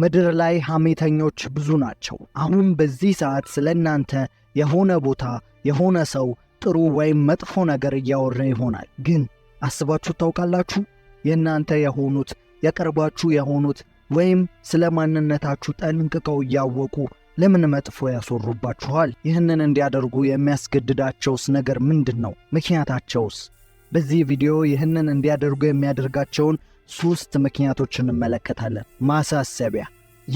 ምድር ላይ ሐሜተኞች ብዙ ናቸው። አሁን በዚህ ሰዓት ስለ እናንተ የሆነ ቦታ የሆነ ሰው ጥሩ ወይም መጥፎ ነገር እያወራ ይሆናል። ግን አስባችሁ ታውቃላችሁ? የእናንተ የሆኑት የቅርባችሁ የሆኑት ወይም ስለ ማንነታችሁ ጠንቅቀው እያወቁ ለምን መጥፎ ያስወሩባችኋል? ይህንን እንዲያደርጉ የሚያስገድዳቸውስ ነገር ምንድን ነው? ምክንያታቸውስ? በዚህ ቪዲዮ ይህንን እንዲያደርጉ የሚያደርጋቸውን ሶስት ምክንያቶች እንመለከታለን። ማሳሰቢያ፣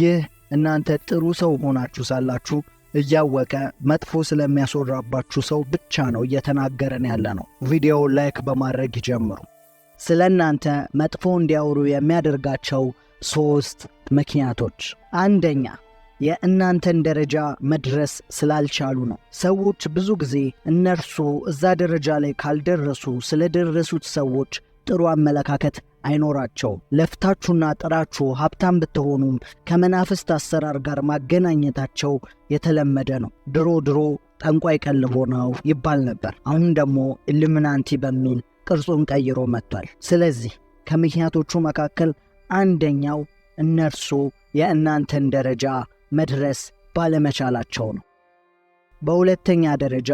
ይህ እናንተ ጥሩ ሰው ሆናችሁ ሳላችሁ እያወቀ መጥፎ ስለሚያስወራባችሁ ሰው ብቻ ነው እየተናገረን ያለ ነው። ቪዲዮ ላይክ በማድረግ ይጀምሩ። ስለ እናንተ መጥፎ እንዲያወሩ የሚያደርጋቸው ሶስት ምክንያቶች፣ አንደኛ የእናንተን ደረጃ መድረስ ስላልቻሉ ነው። ሰዎች ብዙ ጊዜ እነርሱ እዛ ደረጃ ላይ ካልደረሱ ስለደረሱት ሰዎች ጥሩ አመለካከት አይኖራቸው ለፍታችሁና ጥራችሁ ሀብታም ብትሆኑም ከመናፍስት አሰራር ጋር ማገናኘታቸው የተለመደ ነው። ድሮ ድሮ ጠንቋይ ቀልቦ ነው ይባል ነበር። አሁን ደግሞ ኢሉሚናንቲ በሚል ቅርጹን ቀይሮ መጥቷል። ስለዚህ ከምክንያቶቹ መካከል አንደኛው እነርሱ የእናንተን ደረጃ መድረስ ባለመቻላቸው ነው። በሁለተኛ ደረጃ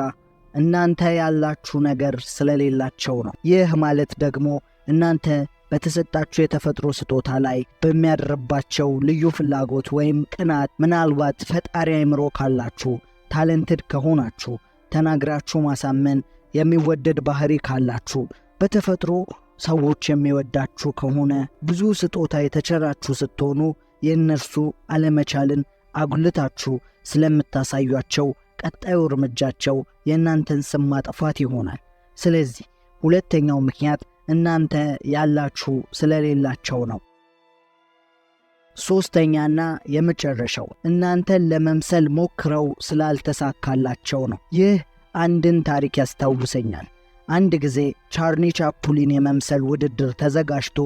እናንተ ያላችሁ ነገር ስለሌላቸው ነው። ይህ ማለት ደግሞ እናንተ በተሰጣችሁ የተፈጥሮ ስጦታ ላይ በሚያደርባቸው ልዩ ፍላጎት ወይም ቅናት፣ ምናልባት ፈጣሪ አይምሮ ካላችሁ፣ ታለንትድ ከሆናችሁ፣ ተናግራችሁ ማሳመን የሚወደድ ባህሪ ካላችሁ፣ በተፈጥሮ ሰዎች የሚወዳችሁ ከሆነ ብዙ ስጦታ የተቸራችሁ ስትሆኑ የእነርሱ አለመቻልን አጉልታችሁ ስለምታሳያቸው ቀጣዩ እርምጃቸው የእናንተን ስም ማጥፋት ይሆናል። ስለዚህ ሁለተኛው ምክንያት እናንተ ያላችሁ ስለሌላቸው ነው። ሶስተኛና የመጨረሻው እናንተን ለመምሰል ሞክረው ስላልተሳካላቸው ነው። ይህ አንድን ታሪክ ያስታውሰኛል። አንድ ጊዜ ቻርሊ ቻፕሊን የመምሰል ውድድር ተዘጋጅቶ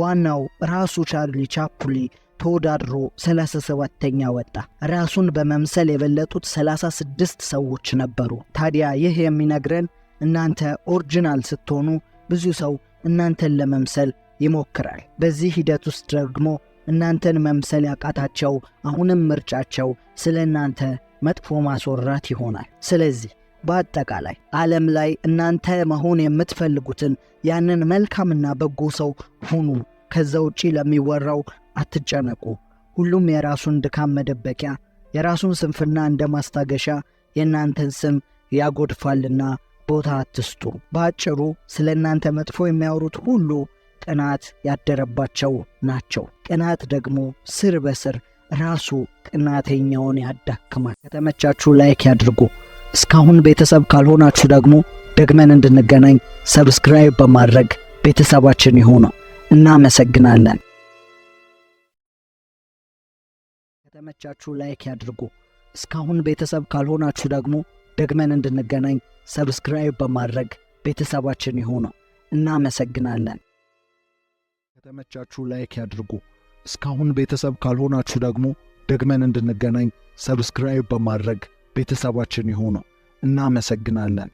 ዋናው ራሱ ቻርሊ ቻፕሊ ተወዳድሮ 37ተኛ ወጣ። ራሱን በመምሰል የበለጡት 36 ሰዎች ነበሩ። ታዲያ ይህ የሚነግረን እናንተ ኦሪጂናል ስትሆኑ ብዙ ሰው እናንተን ለመምሰል ይሞክራል። በዚህ ሂደት ውስጥ ደግሞ እናንተን መምሰል ያቃታቸው አሁንም ምርጫቸው ስለ እናንተ መጥፎ ማስወራት ይሆናል። ስለዚህ በአጠቃላይ ዓለም ላይ እናንተ መሆን የምትፈልጉትን ያንን መልካምና በጎ ሰው ሁኑ። ከዛ ውጪ ለሚወራው አትጨነቁ። ሁሉም የራሱን ድካም መደበቂያ፣ የራሱን ስንፍና እንደ ማስታገሻ የእናንተን ስም ያጎድፋልና ቦታ አትስጡ። በአጭሩ ስለ እናንተ መጥፎ የሚያወሩት ሁሉ ቅናት ያደረባቸው ናቸው። ቅናት ደግሞ ስር በስር ራሱ ቅናተኛውን ያዳክማል። ከተመቻችሁ ላይክ ያድርጉ። እስካሁን ቤተሰብ ካልሆናችሁ ደግሞ ደግመን እንድንገናኝ ሰብስክራይብ በማድረግ ቤተሰባችን ይሁኑ። እናመሰግናለን። ከተመቻችሁ ላይክ ያድርጉ። እስካሁን ቤተሰብ ካልሆናችሁ ደግሞ ደግመን እንድንገናኝ ሰብስክራይብ በማድረግ ቤተሰባችን ይሁኑ። እናመሰግናለን። ከተመቻችሁ ላይክ ያድርጉ። እስካሁን ቤተሰብ ካልሆናችሁ ደግሞ ደግመን እንድንገናኝ ሰብስክራይብ በማድረግ ቤተሰባችን ይሁኑ። እናመሰግናለን።